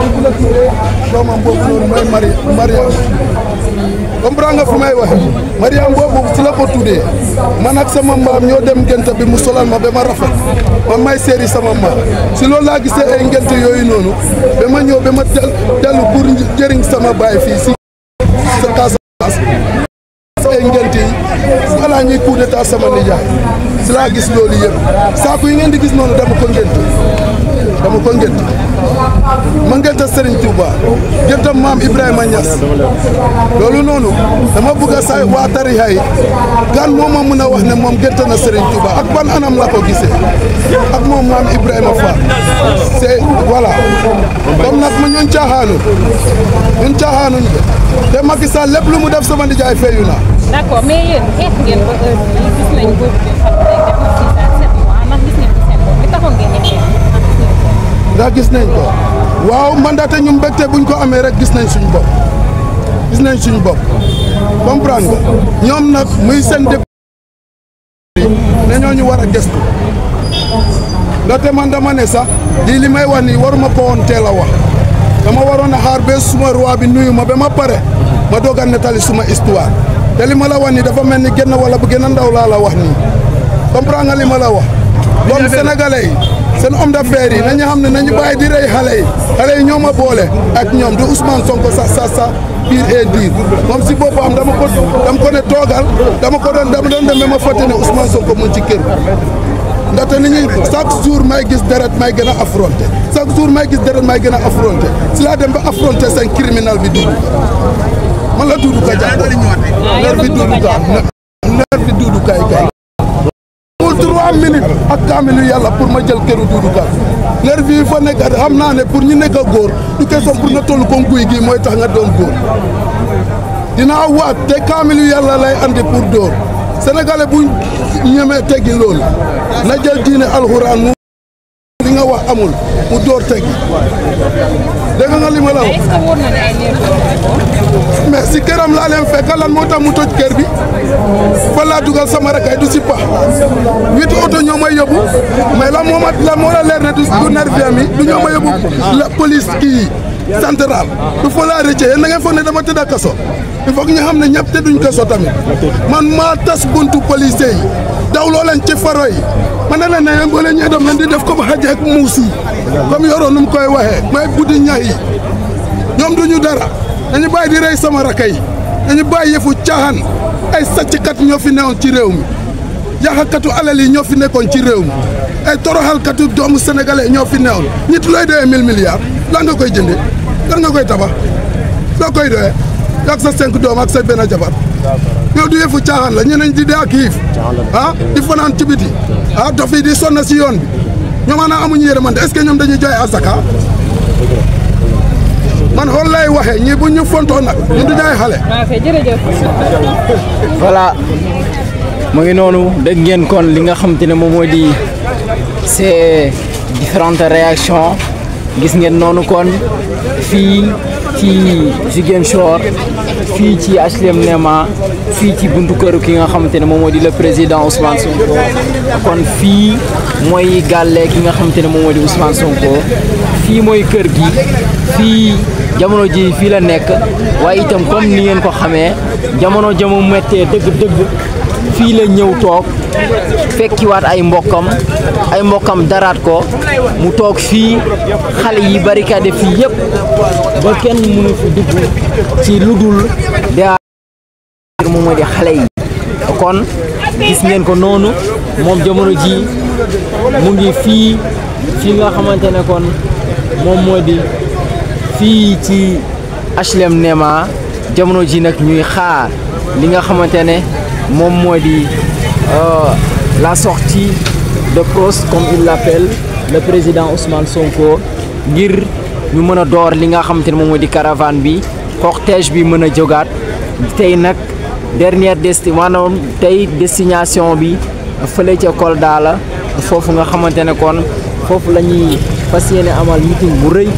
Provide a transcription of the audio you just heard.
am ku la tuuree doomam nga fu may waxe Mariam boobu si la ko tuddee man ak sama mbaam ñoo dem ngénte bi mu solal ma ba ma rafet ba may seeri sama mbaam si loolu laa gisee ay ngénte yooyu noonu ba ma ñëw ba ma del dellu pour jëriñ sama baay fii si Casamance ay ngénte yi balaa ñuy coup d'état sama nijaay si laa gis loolu yëpp saako yi ngeen di gis noonu dama ko ngént dama ko ngént ma ngénta Serigne Touba ngéntam maam Ibrahima Niass loolu noonu dama bëgg a say waa tarixa yi gan moom a mën a wax ne moom ngénta na Serigne Touba ak ban anam la ko gisee ak moom maam Ibrahima Fall c'est voilà comme nag ma ñun caaxaanul ñun caaxaanul te Macky Sall lépp lu mu def sama nijaay feeyu mandat gis nañ ko waaw mandat te ñun mbégte buñ ko amee rek gis nañ suñu bopp gis nañ suñu bopp comprendre nga ñoom nag muy seen député ne ñoo ñu war a gëstu ndaxte man ma ne sax lii li may wax nii waruma ko woon teel a wax dama waroon a xaar ba suma roi bi nuyu ma ba ma pare ma doog ne tali suma histoire te li ma la wax ni dafa mel ni génn wala bu gën a ndaw laa wax nii comprendre nga li ma wax. loolu sénégalais seen homme d'affaires yi nañu xam ne nañu bàyyi di rey xale yi xale yi ñoom a boole ak ñoom du Ousmane Sonko sax sax sax pire et dire moom si boppam dama ko dama ko ne toogal dama ko doon dama doon demee ma fàtte ne Ousmane Sonko mu ci kër ndaxte ni ñuy chaque jour may gis deret may gën a affronté sa jour may gis deret may gën a affronté si laa dem ba affronté seen criminel bi Doudou Ka man la Doudou Ka jàpp nerf bi Doudou Ka trois minutes ak kaamilu yàlla pour ma jël këru Doudou Ka nervi yi fa nekk xam naa ne pour ñu nekk góor du koy fa pour nga toll comme guy gii mooy tax nga doon góor dinaa waat te kaamilu yàlla lay andi pour dóor sénégalais bu ñemee teggi loolu na jël diine alxuraan amul mu door teg dégg nga li la wax. mais si këram laa leen fekk lan moo tax mu toj kër bi fa laa dugal sama rakay du si pax huit oto ñoo may yóbbu mais lan moo ma lan moo la leer ne du nervien mi du ñoo ma yóbbu la police kii central du fa laa rëcce yéen da ngeen ne dama tëdd kaso il faut xam ne ñëpp te duñ kaso tamit man maa tas buntu policier yi dawloo ci faro yi ma na leen ne yéen boo leen ñëwee doom leen di def ko ba xaj ak muus yi comme yoroo koy waxee may buddi ñax yi ñoom duñu dara dañu bàyyi di rey sama rakk yi dañu bàyyi yëfu caaxaan ay sàcckat ñoo fi newoon ci réew mi yàqkatu alal yi ñoo fi nekkoon ci réew mi ay toroxalkatu doomu sénégalais ñoo fi newoon nit looy doyee mille milliards lan nga koy jëndee lan nga koy tabax loo koy doyee ak sa cinq doom ak sa benn jabar yow du yëfu caaxaan la ñeneen di dee ak xiif ah di fanaan ci biti ah dof di sonn si yoon bi ñoom ana amuñu yërmande est-ce que ñoom dañuy joxe man xool lay waxee ñii bu ñu fontoo nag ñu du xale. voilà mu noonu dégg ngeen li nga xam te ne moom moo di ces différentes réactions. gis ngeen noonu kon fii ci Ziguinchor fii ci HLM Nema fii ci buntu kër ki nga xamante ne moom moo di la président Ousmane Sonko kon fii mooy gàlle ki nga xamante ne moom moo di Ousmane Sonko fii mooy kër gi fii jamono ji fii la nekk waaye itam comme ni ngeen ko xamee jamono jamu mettee dëgg-dëgg fii la ñëw toog fekkiwaat ay mbokkam ay mbokkam daraat ko mu toog fii xale yi barricade fii yëpp ba kenn mënu fi dugg ci lu dul daa moom mooy di xale yi kon gis ngeen ko noonu moom jamono ji mu ngi fii fii nga xamante ne kon moom moo di fii ci HLM Nema jamono ji nag ñuy xaar li nga xamante ne moom moo di euh, la sortie de Prost comme il l'appelle le président Ousmane Sonko ngir ñu mën a door li nga xamante ne moom moo di caravane bi cortège bi mën a jógaat tey nag dernière desti maanaam tey destination bi fële ca Kolda la foofu nga xamante ne kon foofu la ñuy fas yéene amal meeting bu rëy.